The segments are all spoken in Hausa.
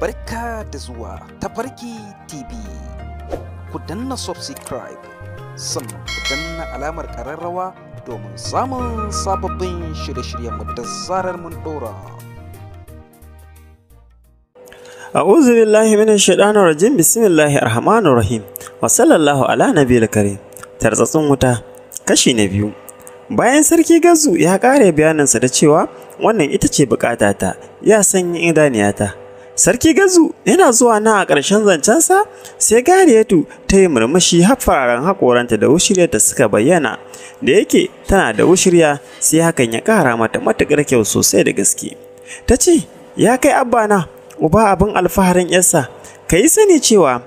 barka da zuwa tafarki tv ku danna subscribe sannan ku danna alamar kararrawa domin samun sababbin shirye-shiryenmu da zarar mun dora a'udhu billahi minash shaitanir rajim bismillahir rahmanir rahim wa sallallahu ala nabiyil karim tartsatsin wuta kashi na biyu bayan sarki gazu ya kare bayaninsa da cewa wannan ita ce bukatata ya sanya idaniyata Sarki Gazu yana zuwa na a ƙarshen zancensa sai Gariyatu ta yi murmushi har fararen haƙoranta da wushirya ta suka bayyana da yake tana da wushirya sai hakan ya ƙara mata matuƙar kyau sosai da gaske. Ta ce, ya kai abbana uba abin alfaharin yarsa ka yi sani cewa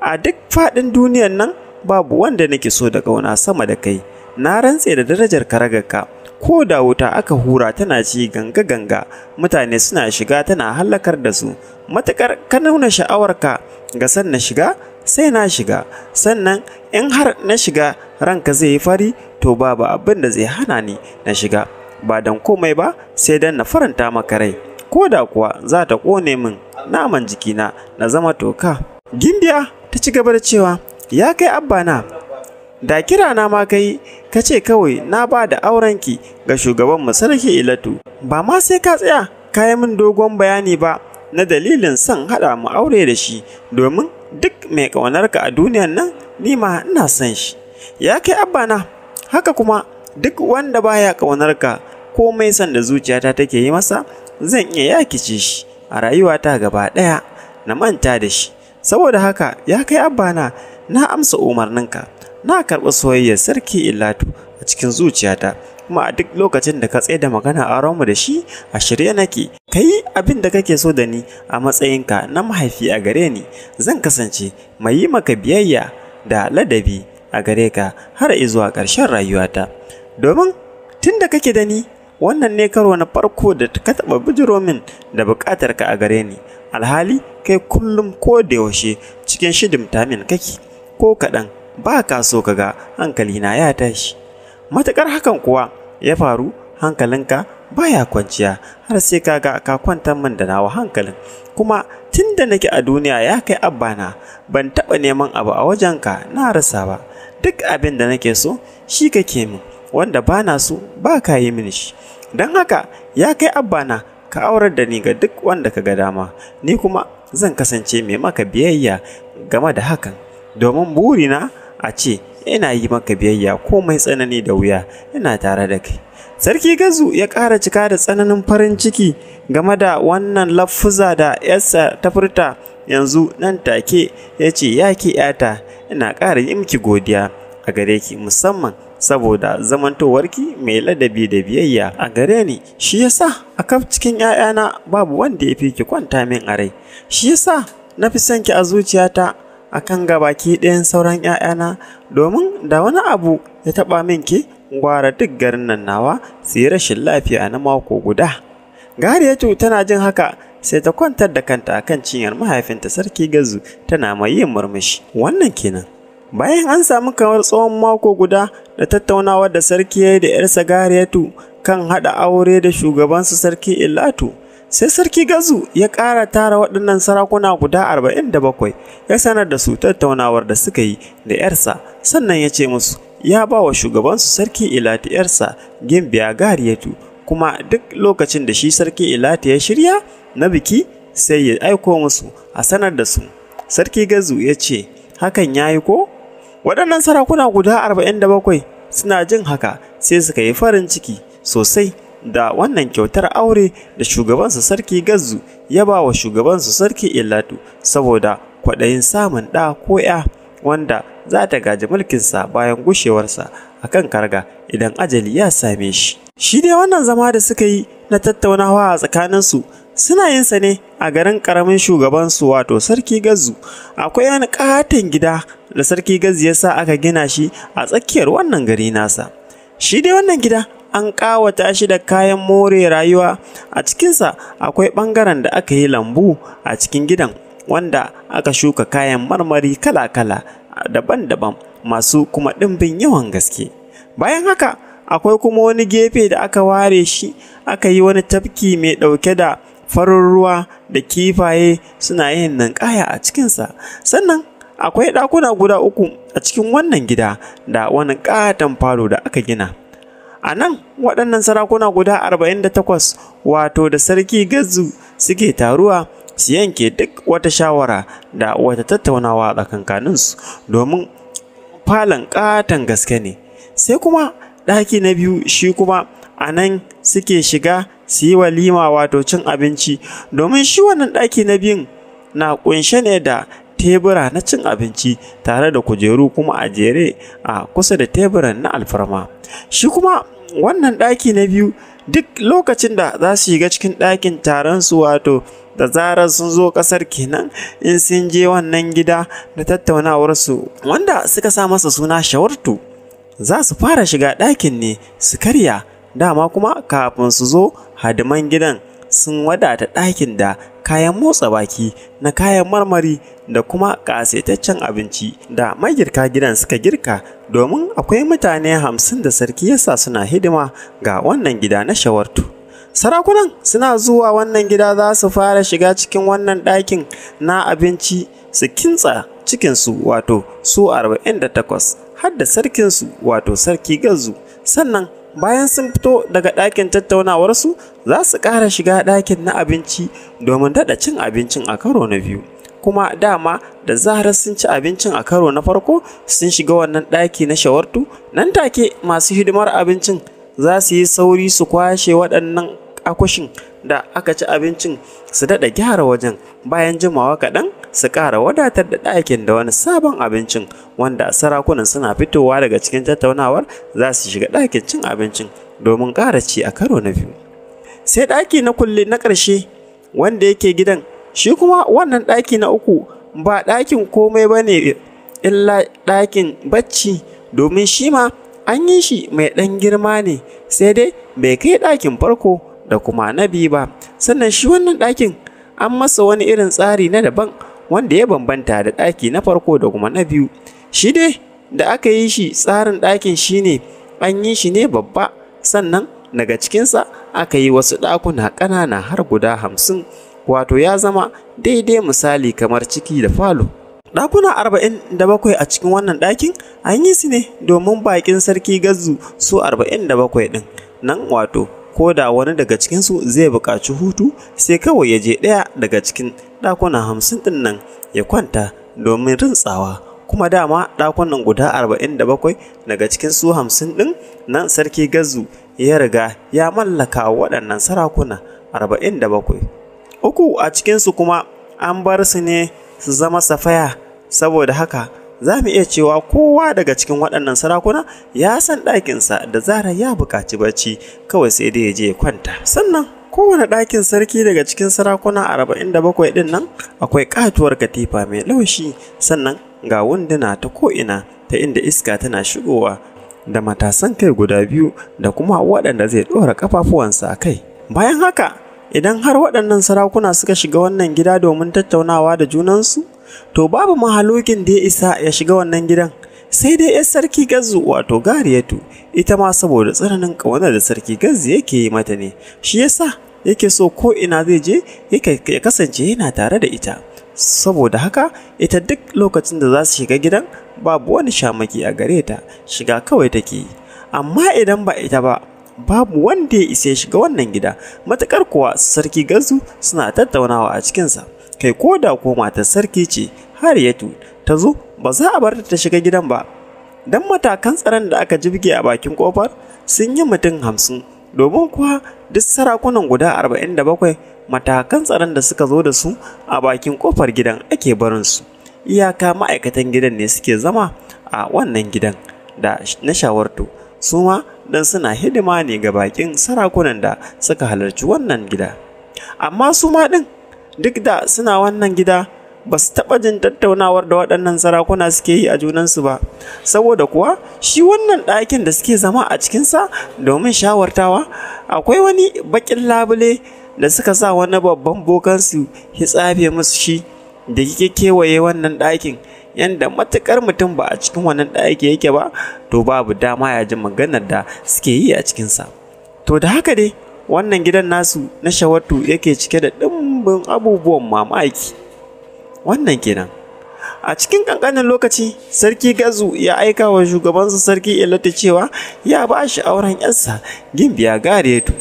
a duk faɗin duniyar nan babu wanda nake so da ƙauna sama da kai na rantse da darajar karagarka ko da wuta aka hura tana ci ganga-ganga mutane suna shiga tana hallakar da su matuƙar ka nuna sha'awarka ga san na shiga sai na shiga sannan in har na shiga ranka zai yi fari to babu abin da zai hana ni na shiga ba don komai ba sai don na faranta maka rai ko da kuwa za ta kone min naman jikina na zama toka gimbiya ta ci gaba da cewa ya kai abba na da kira na ma kai ka ce kawai na ba da aurenki ga shugaban mu sarki ilatu ba ma sai ka tsaya ka yi min dogon bayani ba na dalilin son haɗa mu aure da shi domin duk mai ƙaunarka a duniyan nan ni ma ina son shi ya kai abba haka kuma duk wanda baya ƙaunarka komai son da zuciyata take yi masa zan iya yakice shi a rayuwata gaba ɗaya na manta da shi saboda haka ya kai abba na na amsa umarninka na karɓi soyayyar sarki illatu a cikin zuciyata kuma a duk lokacin da ka tsaye da magana a mu da shi a shirye nake ka yi abin da kake so da ni a matsayinka na mahaifi a gare ni zan kasance mai yi maka biyayya da ladabi a gare ka har izuwa ƙarshen rayuwata domin tun da kake da ni wannan ne karo na farko da ka taɓa bijiro min da buƙatar ka a gare ni alhali kai kullum ko da yaushe cikin shidimta min kake ko kaɗan ba ka so ka ga hankalina ya tashi Matukar hakan kuwa ya faru hankalinka ba ya kwanciya har sai ka ga ka kwanta min da nawa hankalin kuma tun da nake a duniya ya kai abbana ban taɓa neman abu a wajenka na rasa ba duk abin da nake so shi kake min wanda ba na so ba ka yi min shi don haka ya kai abbana ka aurar da ni ga duk wanda ka ga dama ni kuma zan kasance mai maka biyayya game da hakan domin burina a ce ina yi maka biyayya komai tsanani da wuya ina tare da kai sarki gazu ya ƙara cika da tsananin farin ciki game da wannan lafuza da yarsa ta furta yanzu nan take ya ce ya ke yata ina ƙara yi miki godiya a gare ki musamman saboda zamantowarki mai ladabi da biyayya a gare ni shi yasa a kaf cikin 'ya'yana babu wanda ya fi ki kwanta min a rai shi yasa na fi son ki a zuciyata akan gabaki ɗayan sauran ‘ya'yana domin da wani abu ya taɓa min ki gwara duk garin nan nawa su yi rashin lafiya na mako guda. Gariyatu tana jin haka sai ta kwantar da kanta akan cinyar mahaifinta sarki gazu tana mai yin murmushi wannan kenan. Bayan an samu kamar tsawon mako guda da tattaunawar da sarki ya yi da ‘yarsa Gariyatu kan haɗa aure da shugabansu sarki ilatu sai sarki gazu ya ƙara tara waɗannan sarakuna guda arba'in da bakwai ya sanar da su tattaunawar da suka yi da ‘yarsa sannan ya ce musu ya ba wa shugabansu sarki ilati ‘yarsa gimbiya gariyatu kuma duk lokacin da shi sarki ilati ya shirya na biki sai ya aiko musu a sanar da su sarki gazu ya ce hakan ya yi ko waɗannan sarakuna guda arba'in da bakwai suna jin haka sai suka yi farin ciki sosai da wannan kyautar aure da shugabansa sarki gazu ya ba wa shugabansa sarki illatu saboda kwaɗayin samun ɗa ko ya wanda za ta gaji mulkinsa bayan gushewarsa a kan karga idan ajali ya same shi shi dai wannan zama da suka yi na tattaunawa a tsakaninsu suna yin sa ne a garin karamin shugabansu wato sarki gazu akwai wani katon gida da sarki gazu ya sa aka gina shi a tsakiyar wannan gari nasa shi dai wannan gida an ƙawata shi da kayan more rayuwa a cikinsa akwai ɓangaren da aka yi lambu a cikin gidan wanda aka shuka kayan marmari kala-kala daban-daban masu kuma ɗimbin yawan gaske bayan haka akwai kuma wani gefe da aka ware shi aka yi wani tafki mai ɗauke da farin ruwa da kifaye suna yin ninkaya a cikinsa sannan akwai ɗakuna guda uku a cikin wannan gida da wani ƙaton falo da aka gina A nan waɗannan sarakuna guda 48 wato da sarki gazu suke taruwa su yanke duk wata shawara da wata tattaunawa a tsakankaninsu domin falon ƙaton gaske ne. Sai kuma ɗaki na biyu shi kuma a nan suke shiga su yi walima wato cin abinci domin shi wannan ɗaki na biyun na ƙunshe ne da tebura na cin abinci tare da kujeru kuma a jere a kusa da teburan na alfarma. Shi kuma wannan ɗaki na biyu duk lokacin da za su shiga cikin ɗakin taron su wato da zarar sun zo ƙasar kenan in sun je wannan gida da tattaunawarsu wanda suka sa masa suna shawartu za su fara shiga ɗakin ne su karya dama kuma kafin su zo hadiman gidan sun wadata ɗakin da kayan motsa baki na kayan marmari da kuma ƙasaitaccen abinci da magirka gidan suka girka domin akwai mutane hamsin da sarki yasa suna hidima ga wannan gida na shawartu. Sarakunan suna zuwa wannan gida za su fara shiga cikin wannan ɗakin na abinci su kintsa cikinsu wato su 48 har da sarkinsu wato sarki gazu sannan bayan sun fito daga ɗakin tattaunawarsu za su ƙara shiga ɗakin na abinci domin daɗa cin abincin a karo na biyu kuma dama da zarar sun ci abincin a karo na farko sun shiga wannan ɗaki na shawartu nan take masu hidimar abincin za su yi sauri su kwashe waɗannan akushin da aka ci abincin su daɗa gyara wajen bayan jimawa kaɗan su ƙara wadatar da ɗakin da wani sabon abincin wanda sarakunan suna fitowa daga cikin tattaunawar za su shiga ɗakin cin abincin domin ƙara ci a karo na biyu sai ɗaki na kulle na ƙarshe wanda yake gidan shi kuma wannan ɗaki na uku ba ɗakin komai ba ne illa ɗakin bacci domin shi ma an yi shi mai ɗan girma ne sai dai bai kai ɗakin farko da kuma na biyu ba sannan shi wannan ɗakin an masa wani irin tsari na daban wanda ya bambanta da ɗaki na farko da kuma na biyu shi dai da aka yi shi tsarin ɗakin shi ne, an yi shi ne babba sannan daga cikinsa aka yi wasu ɗakuna ƙanana har guda hamsin wato ya zama daidai misali kamar ciki da falo ɗakuna arba'in da bakwai a cikin wannan ɗakin an yi su ne domin baƙin sarki gazu su arba'in da bakwai ɗin nan wato ko da wani daga cikinsu zai buƙaci hutu sai kawai ya je ɗaya daga cikin ɗakuna hamsin ɗin nan ya kwanta domin rintsawa kuma dama ɗakunan guda arba'in da bakwai daga cikin su hamsin ɗin nan sarki gazu ya riga ya mallaka waɗannan sarakuna arba'in da bakwai uku a cikinsu kuma an bar su ne su zama safaya saboda haka za mu iya cewa kowa daga cikin waɗannan sarakuna ya san ɗakinsa da zara ya buƙaci barci kawai sai dai ya je ya kwanta sannan kowane ɗakin sarki daga cikin sarakuna arba'in da bakwai ɗin nan akwai ƙatuwar katifa mai laushi sannan ga wunduna ta ko'ina ta inda iska tana shigowa da matasan kai guda biyu da kuma waɗanda zai ɗora ƙafafuwansa kai bayan haka idan har waɗannan sarakuna suka shiga wannan gida domin tattaunawa da junansu to babu mahalokin da ya isa ya shiga wannan gidan sai dai 'yar sarki gazu wato gariyatu ita ma saboda tsananin ƙaunar da sarki gazu yake yi mata ne shi yasa yake so ko ina zai je ya kasance yana tare da ita saboda haka ita duk lokacin da za su shiga gidan babu wani shamaki a gare ta shiga kawai take yi amma idan ba ita ba babu wanda ya isa ya shiga wannan gida matakar kuwa sarki gazu suna tattaunawa a cikinsa kai ko da ko matar sarki ce har hariyatu ta zo ba za a bar ta ta shiga gidan ba dan matakan tsaron da aka jibge a bakin kofar sun yi mutum hamsin domin kuwa duk sarakunan guda arba'in da bakwai matakan tsaron da suka zo da su a bakin kofar gidan ake barinsu iyaka ma'aikatan gidan ne suke zama a wannan gidan da na shawarto su ma dan suna hidima ne ga bakin sarakunan da suka halarci wannan gida amma su ma ɗin duk da suna wannan gida ba su taɓa jin tattaunawar da waɗannan sarakuna suke yi a junansu ba saboda kuwa shi wannan ɗakin da suke zama a cikinsa domin shawartawa akwai wani baƙin labule da suka sa wani babban bokansu ya tsafe musu shi da yake kewaye wannan ɗakin yadda matuƙar mutum ba a cikin wannan ɗaki yake ba to babu dama ya ji maganar da suke yi a cikinsa to da haka dai wannan gidan nasu na shawatu yake cike da ɗimbin abubuwan mamaki wannan kenan a cikin ƙanƙanin lokaci sarki gazu ya aika wa shugabansa sarki ilata cewa ya ba shi auren yarsa gimbiya garetu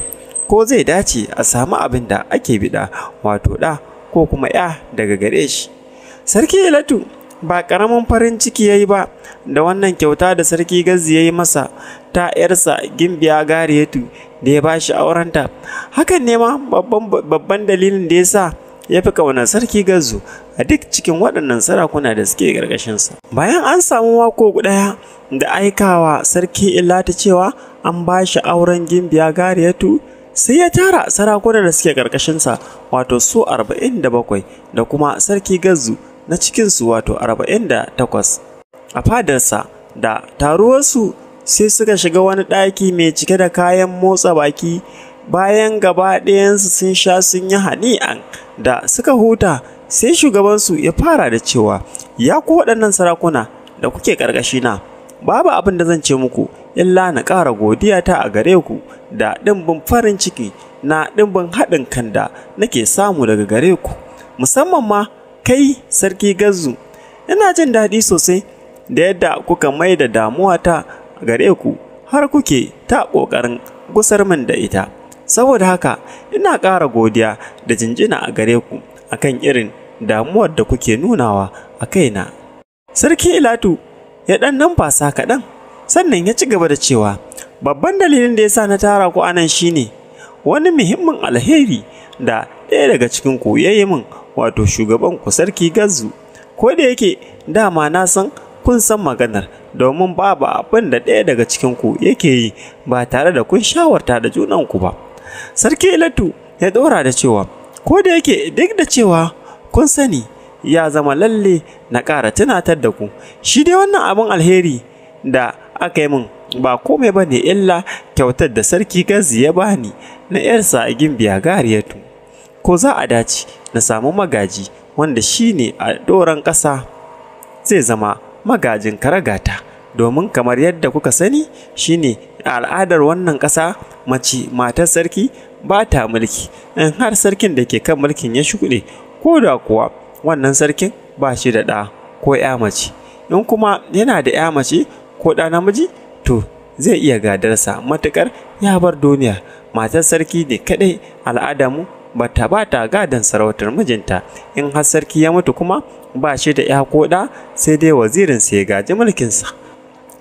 ko zai dace a samu abin da ake bida wato ɗa ko kuma ya daga gare shi sarki ilatu ba ƙaramin farin ciki ya yi ba da wannan kyauta da sarki Gazu ya yi masa ta yarsa gimbiya garetu da ya ba shi aurenta hakan ne ma babban dalilin da ya sa ya fi ƙaunar sarki gazu a duk cikin waɗannan sarakuna da suke ƙarƙashinsa bayan an samu mako ɗaya da aikawa sarki ta cewa an ba shi auren gimbiya gariyatu sai ya tara sarakuna da suke ƙarƙashinsa wato su 47 da kuma sarki gazu na cikinsu wato arba'in 48 a fadarsa da taruwarsu sai suka shiga wani ɗaki mai cike da kayan motsa baki bayan gaba ɗayansu sun sha sun yi hani'an da suka huta sai shugabansu ya fara da cewa ya ku waɗannan sarakuna da kuke ƙarƙashina babu abin da zan ce muku illa na ƙara godiya ta a gare ku da ɗimbin farin ciki na ɗimbin haɗin kan da nake samu daga gare ku musamman ma kai sarki gazu ina jin daɗi sosai da yadda kuka mai da damuwata gare ku har kuke ta ƙoƙarin gusar min da ita saboda haka ina ƙara godiya da jinjina a gare ku kan irin damuwar da kuke nunawa a kaina sarki ilatu ya ɗan numfasa kaɗan sannan ya ci gaba da cewa babban dalilin da ya sa na tara ku anan ne, wani muhimmin alheri da ɗaya daga cikin ku ya yi min wato shugaban ku sarki gazu ko da yake dama na san kun san maganar domin babu abin da ɗaya daga cikinku yake yi ba tare da kun shawarta da junanku ba sarki ilatu ya ɗora da cewa ko da yake duk da cewa kun sani ya zama lalle na ƙara tunatar da ku shi dai wannan abin alheri da aka yi min ba komai ba ne illa kyautar da sarki gazi ya bani na yarsa a gimbiya gariyatu ko za a dace na samu magaji wanda shi ne a doron ƙasa zai zama magajin karagata domin kamar yadda kuka sani shine al'adar wannan ƙasa mace matar sarki ba ta mulki in har sarkin da ke kan mulkin ya shuɗe ko da kuwa wannan sarkin ba shi da ɗa ko ya mace in kuma yana da ya mace ko ɗa namiji to zai iya gadarsa matuƙar ya bar duniya matar sarki ne kaɗai al'adamu bata ba ta gadon sarautar mijinta in har sarki ya mutu kuma ba shi da ya koda sai dai wazirin sai gaji mulkinsa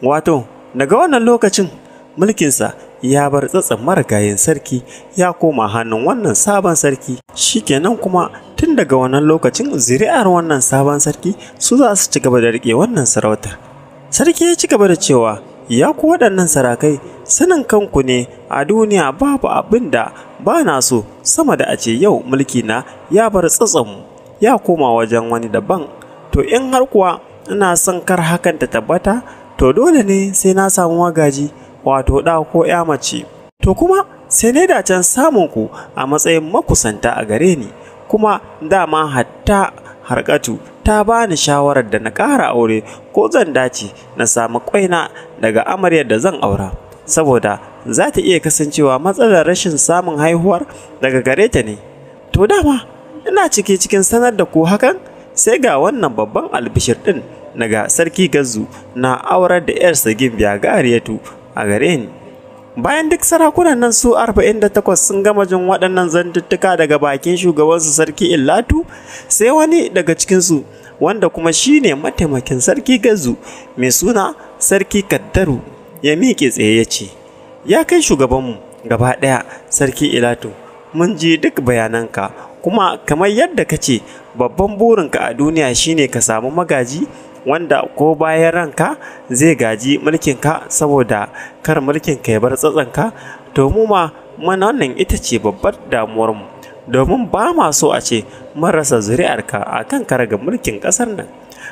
wato daga wannan lokacin mulkinsa ya bar tsatsan marigayin sarki ya koma hannun wannan sabon sarki shikenan kuma tun daga wannan lokacin zuri'ar wannan sabon sarki su za su ci gaba da riƙe wannan sarautar sarki ya ci gaba da cewa ya ku waɗannan sarakai sanin kanku ne a duniya babu abin da ba na so sama da a ce yau mulki na ya bar tsatsanmu ya koma wajen wani daban to in har kuwa ina son kar hakan ta tabbata to dole ne sai na samu magaji wato ɗa ko ya mace to kuma sai ne da can samun ku a matsayin makusanta a gare ni kuma dama hatta harkatu ta bani shawarar da na ƙara aure ko zan dace na samu kwaina daga amaryar da zan aura saboda za ta iya kasancewa matsalar rashin samun haihuwar daga gare ta ne to dama ina ciki cikin sanar da ku hakan sai ga wannan babban albishir ɗin daga sarki gazu na aurar da yarsa gimbiya gariyatu a gare ni bayan duk sarakunan nan su 48 sun gama jin waɗannan zantuttuka daga bakin shugabansu sarki illatu sai wani daga cikinsu wanda kuma shi ne mataimakin sarki gazu mai suna sarki kaddaru ya miƙe tsaye ya ce ya kai shugabanmu gaba ɗaya sarki ilatu mun ji duk bayananka kuma kamar yadda ka ce babban burinka a duniya shine ka samu magaji wanda ko bayan ranka zai gaji mulkinka saboda kar mulkinka ya bar tsatsanka to mu ma mana wannan ita ce babbar damuwarmu domin ba ma so a ce marasa zuri'arka a kan karaga mulkin ƙasar nan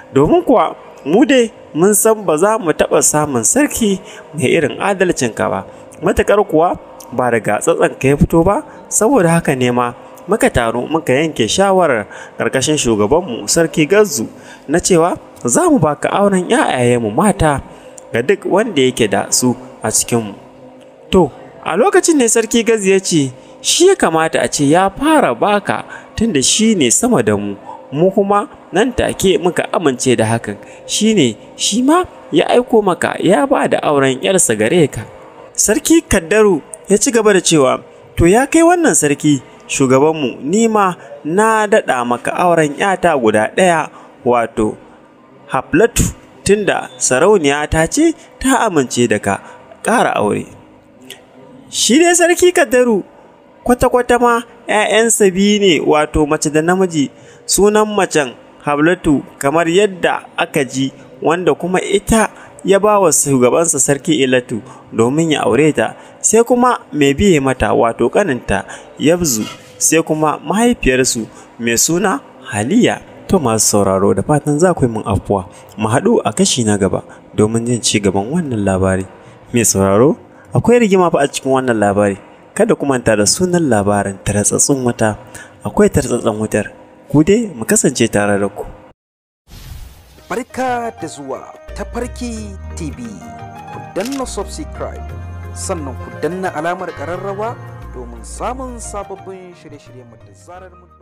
domin kuwa mu dai mun san ba za mu taɓa samun sarki mai irin adalcinka ba matakar kuwa ba daga tsatsan ka ya fito ba saboda haka ne ma muka taru muka yanke shawarar ƙarƙashin shugabanmu sarki gazu na cewa za mu baka auren mu mata ga duk wanda yake da su a cikinmu to a lokacin ne sarki gazu ya ce shi ya kamata a ce ya fara baka tunda shi ne sama da mu mu kuma nan take muka amince da hakan shi ne, shi ma ya aiko maka ya ba da auren yarsa gare ka Sarki Kaddaru ya ci gaba da cewa, To ya kai wannan sarki, shugabanmu nima na daɗa maka auren ‘yata guda ɗaya wato haplatu tunda sarauniya ta ce ta amince da ka ƙara aure. Shi dai sarki Kaddaru kwata-kwata ma ‘ya'yansa biyu ne wato mace da namiji sunan macen Hablatu kamar yadda aka ji wanda kuma ita ya ba wa shugabansa sarki ilatu domin ya aure ta sai kuma mai biye mata wato kaninta yabzu sai kuma mahaifiyarsu mai suna haliya to masu sauraro da fatan za ku yi mun afuwa mu haɗu a kashi na gaba domin jin ci gaban wannan labari mai sauraro akwai rigima fa a cikin wannan labari kada ku manta da sunan labarin tartsatsun wuta akwai tartsatsun wutar ku dai mu kasance tare da ku barka da zuwa tafarki tv ku danna subscribe sannan ku danna alamar ƙararrawa domin samun sababbin shirye-shiryen da zarar mun